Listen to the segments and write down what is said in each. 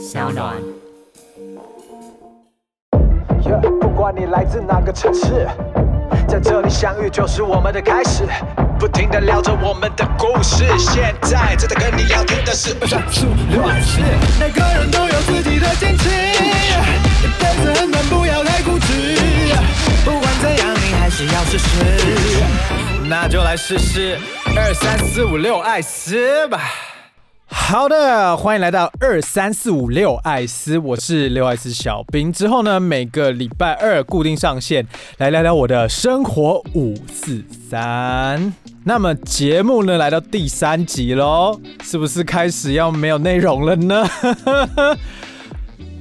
Sound On。Yeah，不管你來自哪個城市，在這裡相遇就是我們的開始。不停地聊着我們的故事，現在正在跟你聊天的是不是，是，每個人都有自己的堅持，但是很難，不要太固執。不管怎樣，你還是要試試，那就來試試。二三四五六艾司吧。好的，歡迎來到二三四五六艾司，我是六艾司小冰。之後呢，每個禮拜二固定上線，來聊聊我的生活五四三。那麼節目呢，來到第三集嘍，是不是開始要沒有內容了呢？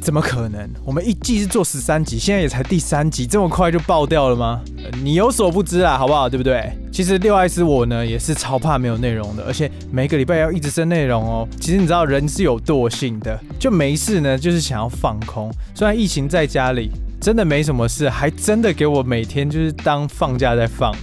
怎麼可能？我們一季是做十三集，現在也才第三集，這麼快就爆掉了嗎？呃，你有所不知啊，好不好？對不對？其實六艾司我呢也是超怕沒有內容的，而且每個禮拜要一直生內容哦。其實你知道人是有惰性的，就沒事呢，就是想要放空。雖然疫情在家裡，真的沒什麼事，還真的給我每天就是當放假在放。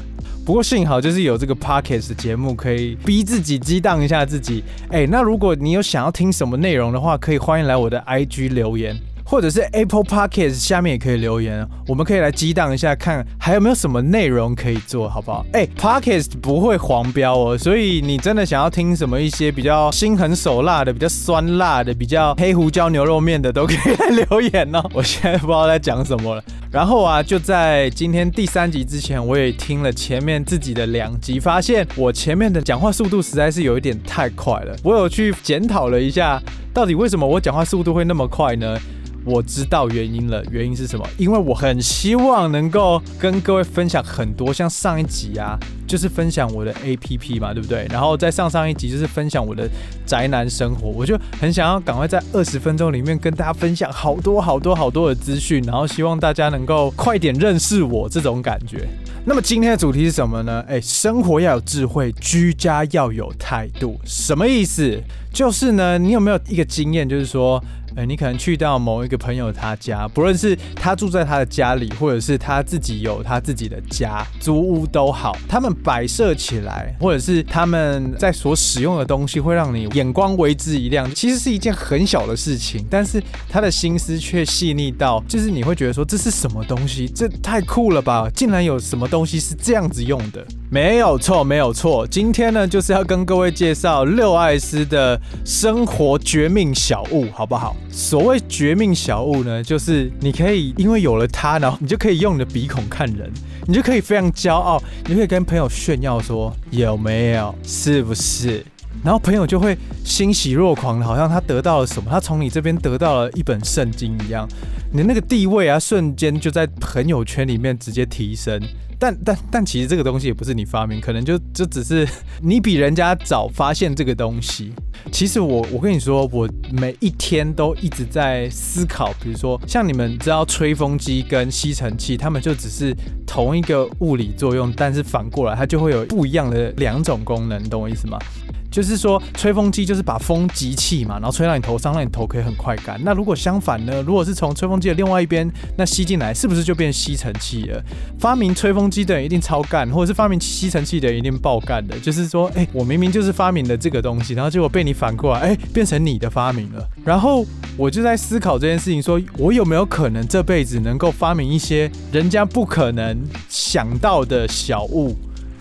不過幸好，就是有這個 Podcast 節目，可以逼自己激盪一下自己。哎、欸，那如果你有想要聽什麼內容的話，可以歡迎來我的 IG 留言。或者是 Apple Podcast 下面也可以留言，哦，我們可以來激盪一下，看還有沒有什麼內容可以做，好不好？哎、欸、，Podcast 不會黃標哦，所以你真的想要聽什麼一些比較心狠手辣的，比較酸辣的，比較黑胡椒牛肉麵的，都可以來留言哦。我現在不知道在講什麼了。然後啊，就在今天第三集之前，我也聽了前面自己的兩集，發現我前面的講話速度實在是有一點太快了。我有去檢討了一下，到底為什麼我講話速度會那麼快呢？我知道原因了，原因是什麼？因為我很希望能夠跟各位分享很多，像上一集啊，就是分享我的 APP 嘛，對不對？然後再上上一集就是分享我的宅男生活，我就很想要趕快在二十分鐘裡面跟大家分享好多好多好多的資訊，然後希望大家能夠快點認識我這種感覺。那麼今天的主題是什麼呢？欸，生活要有智慧，居家要有態度。什麼意思？就是呢，你有沒有一個經驗，就是說，哎，你可能去到某一個朋友他家，不論是他住在他的家裡，或者是他自己有他自己的家，租屋都好，他們擺設起來，或者是他們在所使用的東西，會讓你眼光為之一亮。其實是一件很小的事情，但是他的心思卻細膩到，就是你會覺得說這是什麼東西，這太酷了吧！竟然有什麼東西是這樣子用的？沒有錯，沒有錯。今天呢，就是要跟各位介紹六艾司的生活絕命小物，好不好？所謂絕命小物呢，就是你可以因為有了它，然後你就可以用你的鼻孔看人，你就可以非常驕傲，你就可以跟朋友炫耀說有沒有，是不是？然後朋友就會欣喜若狂的，好像他得到了什麼，他從你這邊得到了一本聖經一樣。你的那個地位啊，瞬間就在朋友圈裡面直接提升。但但但，但其實這個東西也不是你發明，可能就就只是你比人家早發現這個東西。其實我我跟你說，我每一天都一直在思考，比如說像你們知道吹風機跟吸塵器，他們就只是同一個物理作用，但是反過來它就會有不一樣的兩種功能，懂我意思嗎？就是說，吹風機就是把風集氣嘛，然後吹到你頭上，讓你頭可以很快乾。那如果相反呢？如果是從吹風機的另外一邊那吸進來，是不是就變吸塵器了？發明吹風機的人一定超幹，或者是發明吸塵器的人一定爆幹的。就是說，哎、欸，我明明就是發明了這個東西，然後結果被你反過來，哎、欸，變成你的發明了。然後我就在思考這件事情說，說我有沒有可能這輩子能夠發明一些人家不可能想到的小物？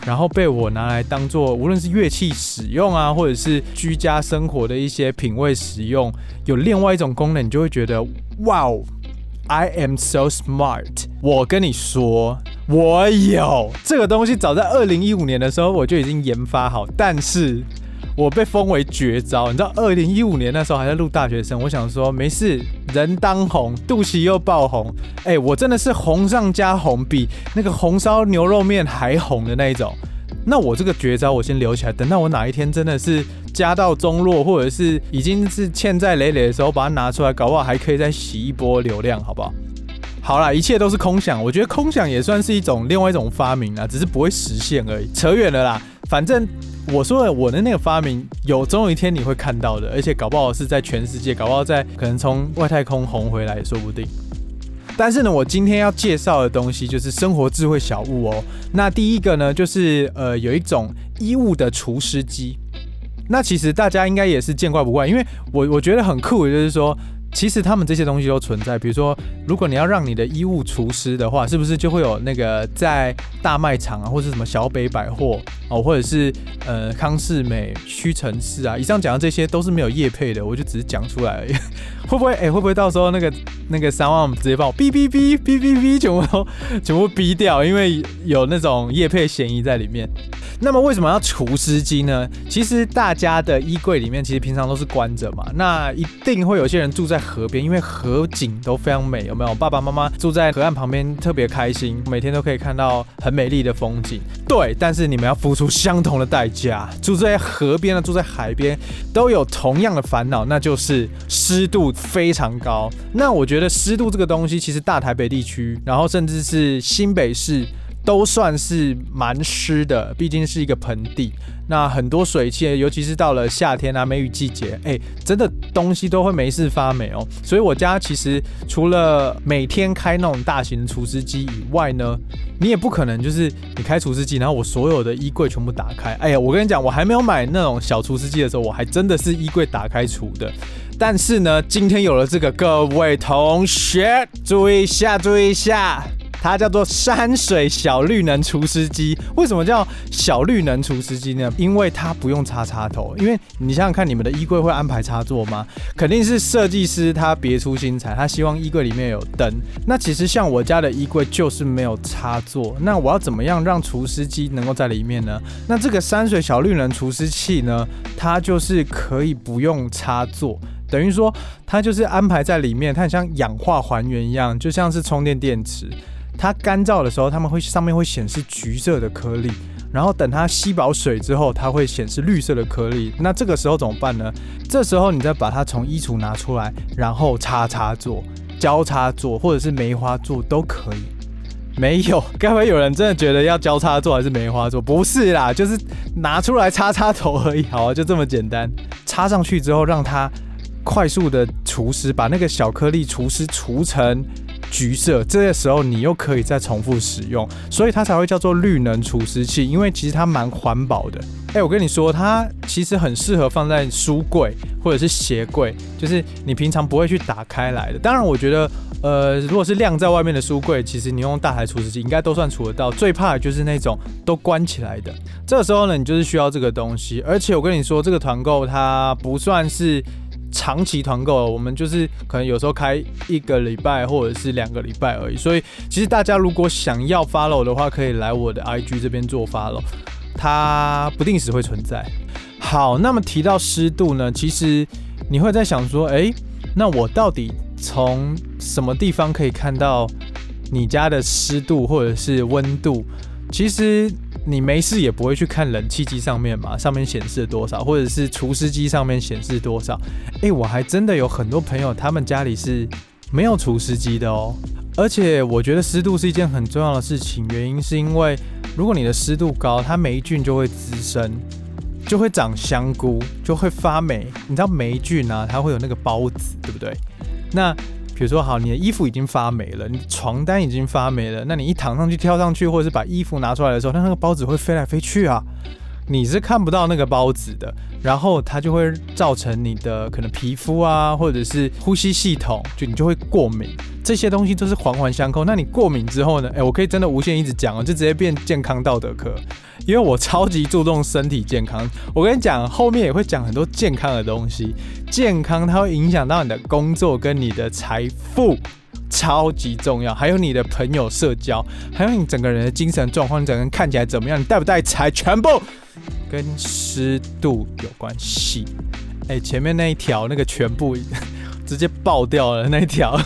然後被我拿來當做，無論是樂器使用啊，或者是居家生活的一些品味使用，有另外一種功能，你就會覺得，Wow，I am so smart。我跟你說，我有這個東西，早在二零一五年的時候我就已經研發好，但是。我被封為絕招，你知道，二零一五年那時候還在錄大學生，我想說沒事，人當紅，肚臍又爆紅，哎、欸，我真的是紅上加紅，比那個紅燒牛肉麵還紅的那一種。那我這個絕招，我先留起來，等到我哪一天真的是家道中落，或者是已經是欠債累累的時候，把它拿出來，搞不好還可以再洗一波流量，好不好？好啦，一切都是空想，我覺得空想也算是一種另外一種發明啦，只是不會實現而已。扯遠了啦。反正我說的，我的那個發明有，總有一天你會看到的，而且搞不好是在全世界，搞不好在可能從外太空紅回來也說不定。但是呢，我今天要介紹的東西就是生活智慧小物哦。那第一個呢，就是呃有一種衣物的除濕機。那其實大家應該也是見怪不怪，因為我我覺得很酷，就是說。其實他們這些東西都存在，比如說，如果你要讓你的衣物除濕的話，是不是就會有那個在大賣場啊，或者什麼小北百貨啊、哦，或者是呃康世美、屈臣氏啊？以上講的這些都是沒有業配的，我就只是講出來而已。 會不會？哎、欸，會不會到時候那個那個三萬我們直接把我嗶嗶嗶嗶嗶嗶全部都全部嗶掉？因為有那種業配嫌疑在裡面。那麼為什麼要除濕機呢？其實大家的衣櫃裡面其實平常都是關着嘛。那一定會有些人住在河邊，因為河景都非常美，有沒有？爸爸媽媽住在河岸旁邊特別開心，每天都可以看到很美麗的風景。對，但是你們要付出相同的代價。住在河邊呢，住在海邊都有同樣的煩惱，那就是濕度非常高。那我覺得濕度這個東西，其實大台北地區，然後甚至是新北市。都算是蠻濕的，畢竟是一個盆地，那很多水汽，尤其是到了夏天啊，梅雨季節，哎，真的東西都會沒事發霉哦。所以我家其實除了每天開那種大型除濕機以外呢，你也不可能就是你開除濕機，然後我所有的衣櫃全部打開。哎呀，我跟你講，我還沒有買那種小除濕機的時候，我還真的是衣櫃打開除的。但是呢，今天有了這個，各位同學，注意一下，注意一下。它叫做山水小綠能除濕機。為什麼叫小綠能除濕機呢？因為它不用插插頭。因為你想想看，你們的衣櫃會安排插座嗎？肯定是設計師他別出心裁，他希望衣櫃裡面有燈。那其實像我家的衣櫃就是沒有插座。那我要怎麼樣讓除濕機能夠在裡面呢？那這個山水小綠能除濕器呢，它就是可以不用插座，等於說它就是安排在裡面。它很像氧化還原一樣，就像是充電電池。它乾燥的時候，它們會上面會顯示橘色的顆粒，然後等它吸飽水之後，它會顯示綠色的顆粒。那這個時候怎麼辦呢？這時候你再把它從衣櫥拿出來，然後插插座、交叉座或者是梅花座都可以。沒有，該不會有人真的覺得要交叉座還是梅花座？不是啦，就是拿出來插插頭而已。好啊，就這麼簡單。插上去之後，讓它快速的除濕，把那個小顆粒除濕除成。橘色，這些時候你又可以再重複使用，所以它才會叫做綠能除濕器，因為其實它蠻環保的。誒，我跟你說，它其實很適合放在書櫃或者是鞋櫃，就是你平常不會去打開來的。當然，我覺得，呃，如果是晾在外面的書櫃，其實你用大台除濕器應該都算除得到。最怕的就是那種都關起來的，這個時候呢，你就是需要這個東西。而且我跟你說，這個團購它不算是。長期團購了，我們就是可能有時候開一個禮拜或者是兩個禮拜而已。所以，其實大家如果想要 follow 的話，可以來我的 IG 這邊做 follow，它不定時會存在。好，那麼提到濕度呢，其實你會在想說，誒，那我到底從什麼地方可以看到你家的濕度或者是溫度其實，你沒事也不會去看冷氣機上面嘛，上面顯示多少，或者是除濕機上面顯示多少？誒，我還真的有很多朋友，他們家裡是沒有除濕機的哦。而且我覺得濕度是一件很重要的事情，原因是因為如果你的濕度高，它霉菌就會滋生，就會長香菇，就會發霉。你知道霉菌啊，它會有那個孢子，對不對？那比如說，好，你的衣服已經發霉了，你床單已經發霉了，那你一躺上去、跳上去，或者是把衣服拿出來的時候，那那個孢子會飛來飛去啊，你是看不到那個孢子的。然後它就會造成你的可能皮膚啊，或者是呼吸系統，就你就會過敏。這些東西都是環環相扣。那你過敏之後呢？誒，我可以真的無限一直講哦，就直接變健康道德課，因為我超級注重身體健康。我跟你講，後面也會講很多健康的東西。健康它會影響到你的工作跟你的財富，超級重要。還有你的朋友社交，還有你整個人的精神狀況，你整個人看起來怎麼樣，你帶不帶財，全部。跟濕度有關係，誒，前面那一條那個全部 直接爆掉了那一條。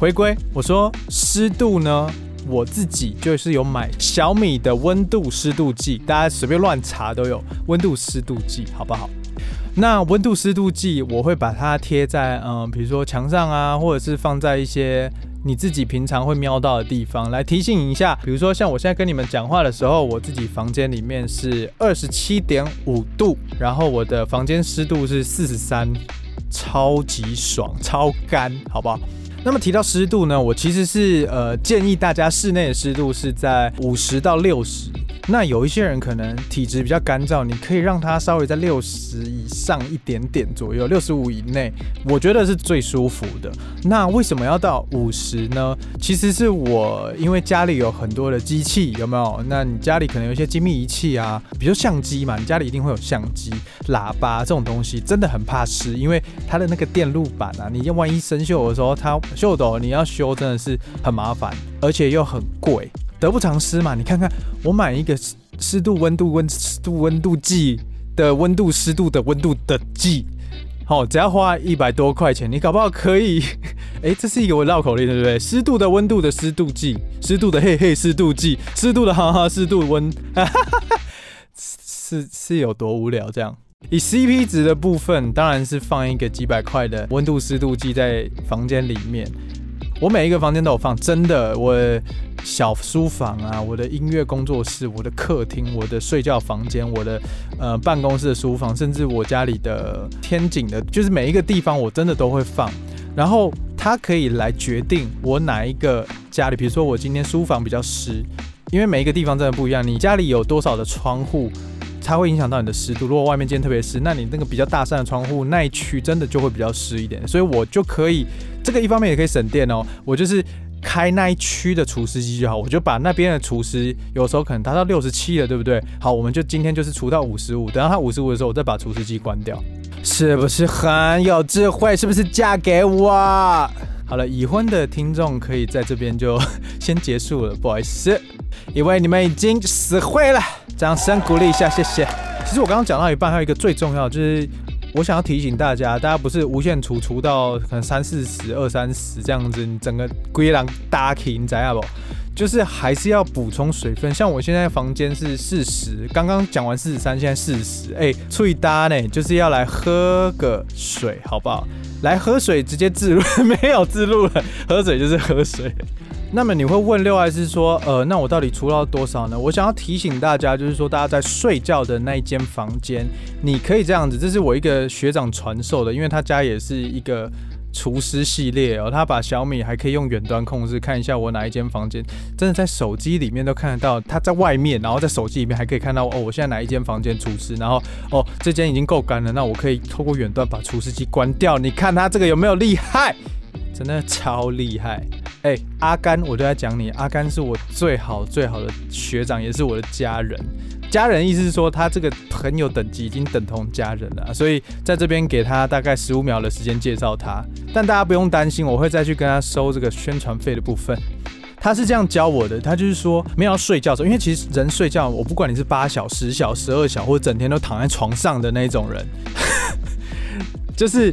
回歸，我說濕度呢，我自己就是有買小米的溫度濕度計，大家隨便亂查都有溫度濕度計，好不好？那溫度濕度計我會把它貼在嗯、呃，比如說牆上啊，或者是放在一些。你自己平常會瞄到的地方來提醒一下，比如說像我現在跟你們講話的時候，我自己房間裡面是二十七點五度，然後我的房間濕度是四十三，超級爽，超乾，好不好？那麼提到濕度呢，我其實是呃建議大家室內的濕度是在五十到六十。那有一些人可能體質比較乾燥，你可以讓他稍微在六十以上一點點左右，六十五以內，我覺得是最舒服的。那為什麼要到五十呢？其實是我因為家裡有很多的機器，有沒有？那你家裡可能有一些精密儀器啊，比如相機嘛，你家裡一定會有相機、喇叭這種東西，真的很怕濕，因為它的那個電路板啊，你萬一生鏽的時候，它鏽斗你要修真的是很麻煩，而且又很貴。得不償失嘛？你看看，我買一個濕濕度溫度溫濕度溫度計的溫度濕度的溫度的計，好、哦，只要花一百多塊錢，你搞不好可以。哎、欸，這是一個我繞口令，對不對？濕度的溫度的濕度計，濕度的嘿嘿濕度計，濕度的哈哈濕度溫，哈哈哈哈，是是有多無聊這樣？以 CP 值的部分，當然是放一個幾百塊的溫度濕度計在房間裡面。我每一個房間都有放，真的，我的小書房啊，我的音樂工作室，我的客廳，我的睡覺房間，我的呃辦公室的書房，甚至我家裡的天井的，就是每一個地方我真的都會放。然後它可以來決定我哪一個家裡，比如說我今天書房比較濕，因為每一個地方真的不一樣。你家裡有多少的窗戶？它會影響到你的濕度。如果外面今天特別濕，那你那個比較大扇的窗戶那一區真的就會比較濕一點。所以我就可以，這個一方面也可以省電哦。我就是開那一區的除濕機就好。我就把那邊的除濕，有時候可能達到六十七了，對不對？好，我們就今天就是除到五十五。等到它五十五的時候，我再把除濕機關掉。是不是很有智慧？是不是嫁給我？好了，已婚的聽眾可以在這邊就先結束了，不好意思，因為你們已經死會了，掌聲鼓勵一下，謝謝。其實我剛剛講到一半，還有一個最重要就是。我想要提醒大家，大家不是無限儲儲到可能三四十、二三十這樣子，你整個龜狼搭停，你知道不，就是還是要補充水分。像我現在房間是四十，剛剛講完四十三，現在四十、欸，哎，吹搭呢，就是要來喝個水，好不好？來喝水，直接置入， 沒有置入了，喝水就是喝水。那麼你會問六艾司說，呃，那我到底除到多少呢？我想要提醒大家，就是說大家在睡覺的那一間房間，你可以這樣子，這是我一個學長傳授的，因為他家也是一個除濕系列哦、喔。他把小米還可以用遠端控制，看一下我哪一間房間真的在手機裡面都看得到。他在外面，然後在手機裡面還可以看到哦、喔，我現在哪一間房間除濕，然後哦、喔、這間已經夠乾了，那我可以透過遠端把除濕機關掉，你看他這個有沒有厲害？真的超厲害，哎、欸，阿甘，我就在講你，阿甘是我最好最好的學長，也是我的家人。家人意思是說他這個很有等級，已經等同家人了，所以在這邊給他大概十五秒的時間介紹他。但大家不用擔心，我會再去跟他收這個宣傳費的部分。他是這樣教我的，他就是說，沒有要睡覺的時候，因為其實人睡覺，我不管你是八小時、十小時、十二小時，或者整天都躺在床上的那種人， 就是。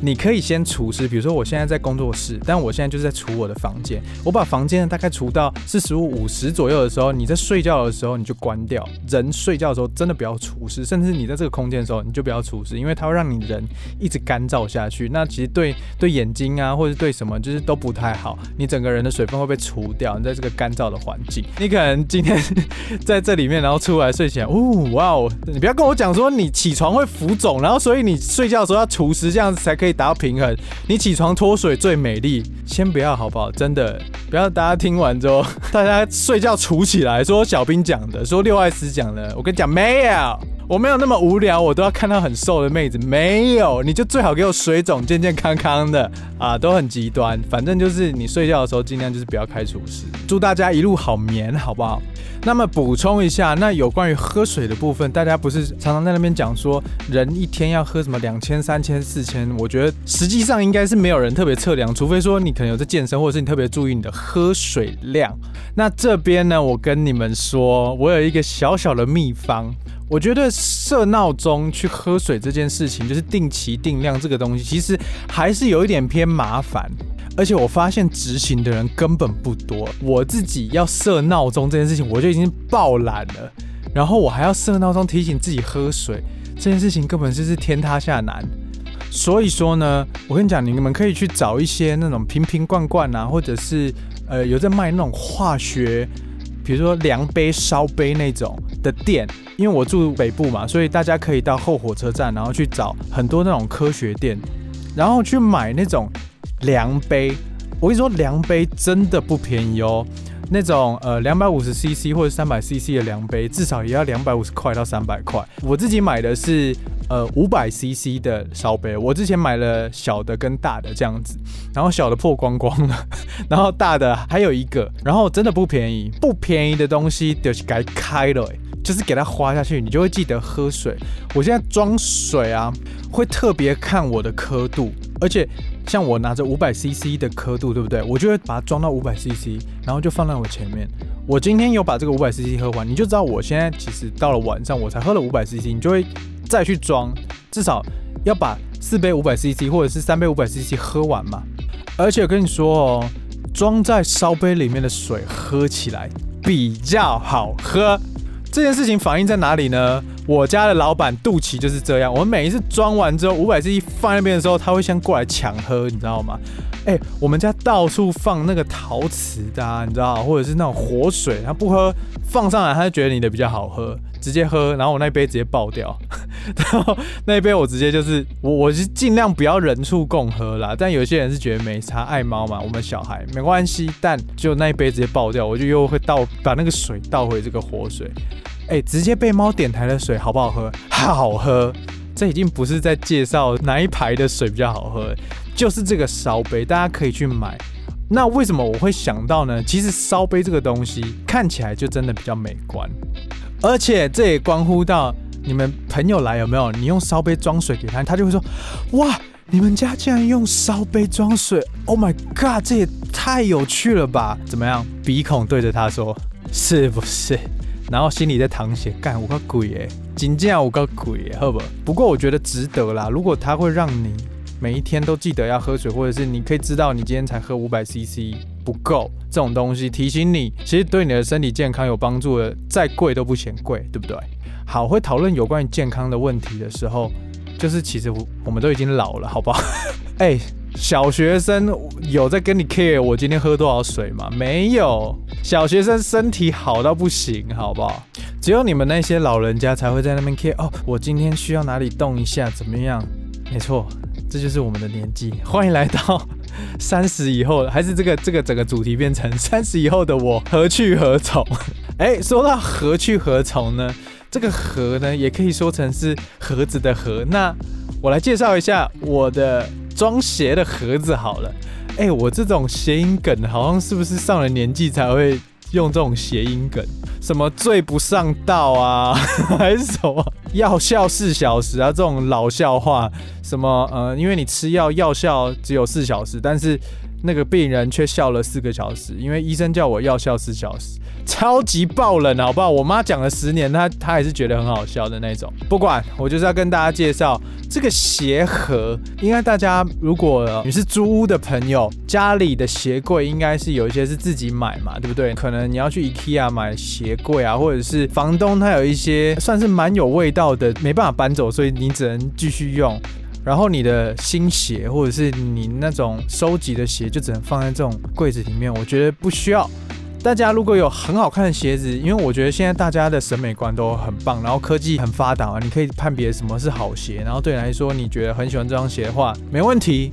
你可以先除濕，比如說我現在在工作室，但我現在就是在除我的房間。我把房間大概除到四十五五十左右的時候，你在睡覺的時候你就關掉。人睡覺的時候真的不要除濕，甚至你在這個空間的時候，你就不要除濕，因為它會讓你人一直乾燥下去。那其實對對眼睛啊，或者對什麼就是都不太好，你整個人的水分會被除掉，你在這個乾燥的環境，你可能今天 在這裡面，然後出來睡前，嗚哇哦！你不要跟我講說你起床會浮腫，然後所以你睡覺的時候要除濕，這樣子才可。可以達到平衡。你起床脫水最美麗，先不要好不好？真的不要，大家聽完之後，大家睡覺杵起來。說小冰講的，說六艾司講的，我跟你講沒有。我沒有那麼無聊，我都要看到很瘦的妹子。沒有，你就最好給我水腫、健健康康的啊，都很極端。反正就是你睡覺的時候，儘量就是不要開除濕。祝大家一路好眠，好不好？那麼補充一下，那有關於喝水的部分，大家不是常常在那邊講說，人一天要喝什麼兩千、三千、四千？我覺得實際上應該是沒有人特別測量，除非說你可能有在健身，或者是你特別注意你的喝水量。那這邊呢，我跟你們說，我有一個小小的秘方。我覺得設鬧鐘去喝水這件事情，就是定期定量這個東西，其實還是有一點偏麻煩。而且我發現執行的人根本不多。我自己要設鬧鐘這件事情，我就已經爆懶了。然後我還要設鬧鐘提醒自己喝水這件事情，根本就是天塌下來。所以說呢，我跟你講，你們可以去找一些那種瓶瓶罐罐啊，或者是呃有在賣那種化學，比如說量杯、燒杯那種。的店，因為我住北部嘛，所以大家可以到後火車站，然後去找很多那種科學店，然後去買那種量杯。我跟你說，量杯真的不便宜哦、喔。那種呃兩百五十 CC 或者三百 CC 的量杯，至少也要兩百五十塊到三百塊。我自己買的是呃五百 CC 的燒杯，我之前買了小的跟大的這樣子，然後小的破光光了， 然後大的還有一個，然後真的不便宜，不便宜的東西就是該開了、欸。就是給它花下去，你就會記得喝水。我現在裝水啊，會特別看我的刻度，而且像我拿着五百 CC 的刻度，對不對？我就會把它裝到五百 CC，然後就放在我前面。我今天有把這個五百 CC 喝完，你就知道我現在其實到了晚上，我才喝了五百 CC。你就會再去裝，至少要把四杯五百 CC 或者是三杯五百 CC 喝完嘛。而且我跟你說哦，裝在燒杯裡面的水喝起來比較好喝。這件事情反映在哪裡呢？我家的老闆肚臍就是這樣，我們每一次裝完之後，五百 cc 一放那邊的時候，他會先過來搶喝，你知道嗎？哎、欸，我們家到處放那個陶瓷的、啊，你知道，或者是那種活水，他不喝，放上來他就覺得你的比較好喝。直接喝，然後我那一杯直接爆掉， 然後那一杯我直接就是我我是儘量不要人畜共喝了，但有些人是覺得沒差，愛貓嘛，我們小孩沒關係，但就那一杯直接爆掉，我就又會倒把那個水倒回這個活水，哎、欸，直接被貓點台的水好不好喝？好喝。這已經不是在介紹哪一排的水比較好喝，就是這個燒杯大家可以去買。那為什麼我會想到呢？其實燒杯這個東西看起來就真的比較美觀。而且這也關乎到你們朋友來有沒有，你用燒杯裝水給他，他就會說，哇，你們家竟然用燒杯裝水，Oh my god，這也太有趣了吧？怎麼樣，鼻孔對着他說，是不是？然後心裡在淌血，幹我個鬼耶，僅僅要我個鬼耶，好不？不過我覺得值得啦，如果他會讓你每一天都記得要喝水，或者是你可以知道你今天才喝五百 CC。不夠這種東西提醒你，其實對你的身體健康有幫助的，再貴都不嫌貴，對不對？好，會討論有關於健康的問題的時候，就是其實我，我們都已經老了，好不好？誒、 欸，小學生有在跟你 care 我今天喝多少水嗎？沒有，小學生身體好到不行，好不好？只有你們那些老人家才會在那邊 care 哦，我今天需要哪裡動一下，怎麼樣？沒錯，這就是我們的年紀，歡迎來到。三十以後還是這個這個整個主題變成三十以後的我何去何從？誒、哎，說到何去何從呢？這個何呢，也可以說成是盒子的盒。那我來介紹一下我的裝鞋的盒子好了。誒、哎，我這種諧音梗，好像是不是上了年紀才會？用這種諧音梗，什麼“醉不上道”啊，還是什麼“藥效四小時”啊，這種老笑話，什麼呃，因為你吃藥藥效只有四小時，但是。那個病人卻笑了四個小時，因為醫生叫我要笑四小時，超級爆冷，好不好？我媽講了十年，她她還是覺得很好笑的那種。不管，我就是要跟大家介紹這個鞋盒。應該大家如果你是租屋的朋友，家裡的鞋櫃應該是有一些是自己買嘛，對不對？可能你要去 IKEA 買鞋櫃啊，或者是房東他有一些算是蠻有味道的，沒辦法搬走，所以你只能繼續用。然後你的新鞋或者是你那種收集的鞋就只能放在這種櫃子裡面，我覺得不需要。大家如果有很好看的鞋子，因為我覺得現在大家的審美觀都很棒，然後科技很發達，啊，你可以判別什麼是好鞋。然後對你來說，你覺得很喜歡這雙鞋的話，沒問題。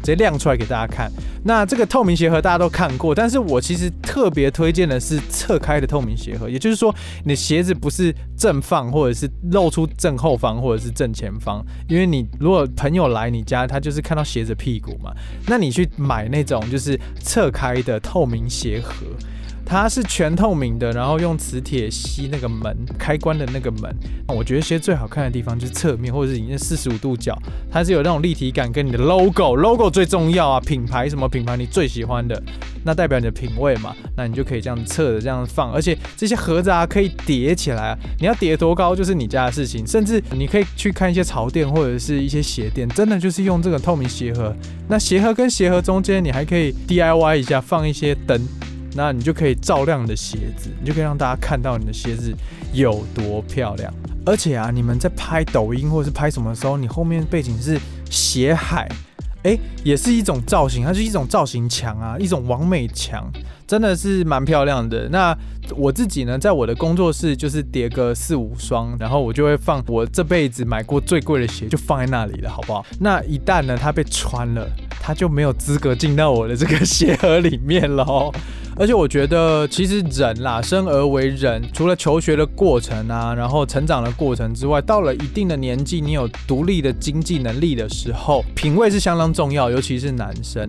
直接亮出來給大家看。那這個透明鞋盒大家都看過，但是我其實特別推薦的是側開的透明鞋盒，也就是說，你的鞋子不是正放，或者是露出正後方，或者是正前方。因為你如果朋友來你家，他就是看到鞋子屁股嘛。那你去買那種就是側開的透明鞋盒。它是全透明的，然後用磁鐵吸那個門開關的那個門。我覺得其實最好看的地方就是側面或者是你那四十五度角，它是有那種立體感，跟你的 logo，logo logo 最重要啊，品牌什麼品牌你最喜歡的，那代表你的品味嘛。那你就可以這樣側着這樣放，而且這些盒子啊可以疊起來啊，你要疊多高就是你家的事情，甚至你可以去看一些潮店或者是一些鞋店，真的就是用這個透明鞋盒。那鞋盒跟鞋盒中間你還可以 DIY 一下，放一些燈。那你就可以照亮你的鞋子，你就可以讓大家看到你的鞋子有多漂亮。而且啊，你們在拍抖音或者是拍什麼的時候，你後面背景是鞋海，哎、欸，也是一種造型，它是一種造型牆啊，一種完美牆，真的是蠻漂亮的。那我自己呢，在我的工作室就是疊個四五雙，然後我就會放我這輩子買過最貴的鞋，就放在那裡了，好不好？那一旦呢，它被穿了，它就沒有資格進到我的這個鞋盒裡面嘍。而且我覺得，其實人啦，生而為人，除了求學的過程啊，然後成長的過程之外，到了一定的年紀，你有獨立的經濟能力的時候，品味是相當重要，尤其是男生，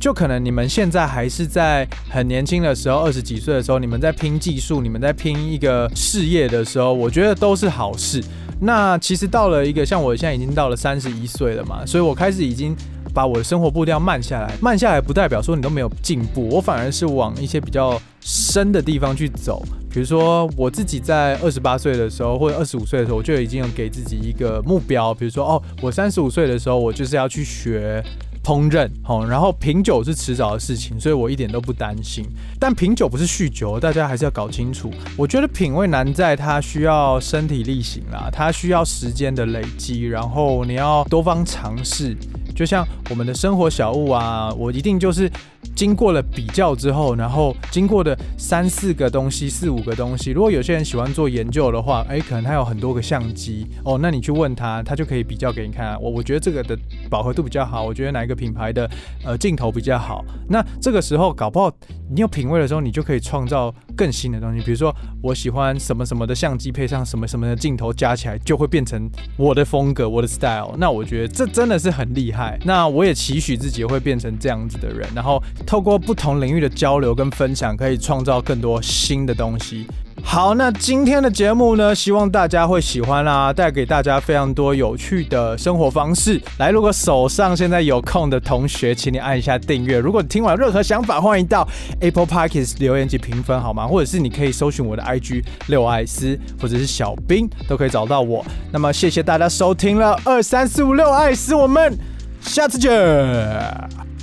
就可能你們現在還是在很年輕的時候，二十幾歲的時候，你們在拼技術，你們在拼一個事業的時候，我覺得都是好事。那其實到了一個像我現在已經到了三十一歲了嘛，所以我開始已經。把我的生活步調慢下來，慢下來不代表說你都沒有進步，我反而是往一些比較深的地方去走。比如說，我自己在二十八歲的時候，或者二十五歲的時候，我就已經有給自己一個目標，比如說，哦，我三十五歲的時候，我就是要去學烹飪，吼，然後品酒是遲早的事情，所以我一點都不擔心。但品酒不是酗酒，大家還是要搞清楚。我覺得品味難在它需要身體力行啦，它需要時間的累積，然後你要多方嘗試。就像我們的生活小物啊，我一定就是。經過了比較之後，然後經過的三四個東西、四五個東西，如果有些人喜歡做研究的話，誒，可能他有很多個相機哦，那你去問他，他就可以比較給你看啊，我我覺得這個的飽和度比較好，我覺得哪一個品牌的呃鏡頭比較好。那這個時候搞不好你有品味的時候，你就可以創造更新的東西。比如說我喜歡什麼什麼的相機配上什麼什麼的鏡頭，加起來就會變成我的風格，我的 style。那我覺得這真的是很厲害。那我也期許自己會變成這樣子的人，然後。透過不同領域的交流跟分享，可以創造更多新的東西。好，那今天的節目呢，希望大家會喜歡啦、啊，帶給大家非常多有趣的生活方式。來，如果手上現在有空的同學，請你按一下訂閱。如果你聽完任何想法，歡迎到 Apple Podcast 留言及評分好嗎？或者是你可以搜尋我的 IG 六艾司，或者是小冰都可以找到我。那麼謝謝大家收聽了，二三四五六艾司，我們下次見。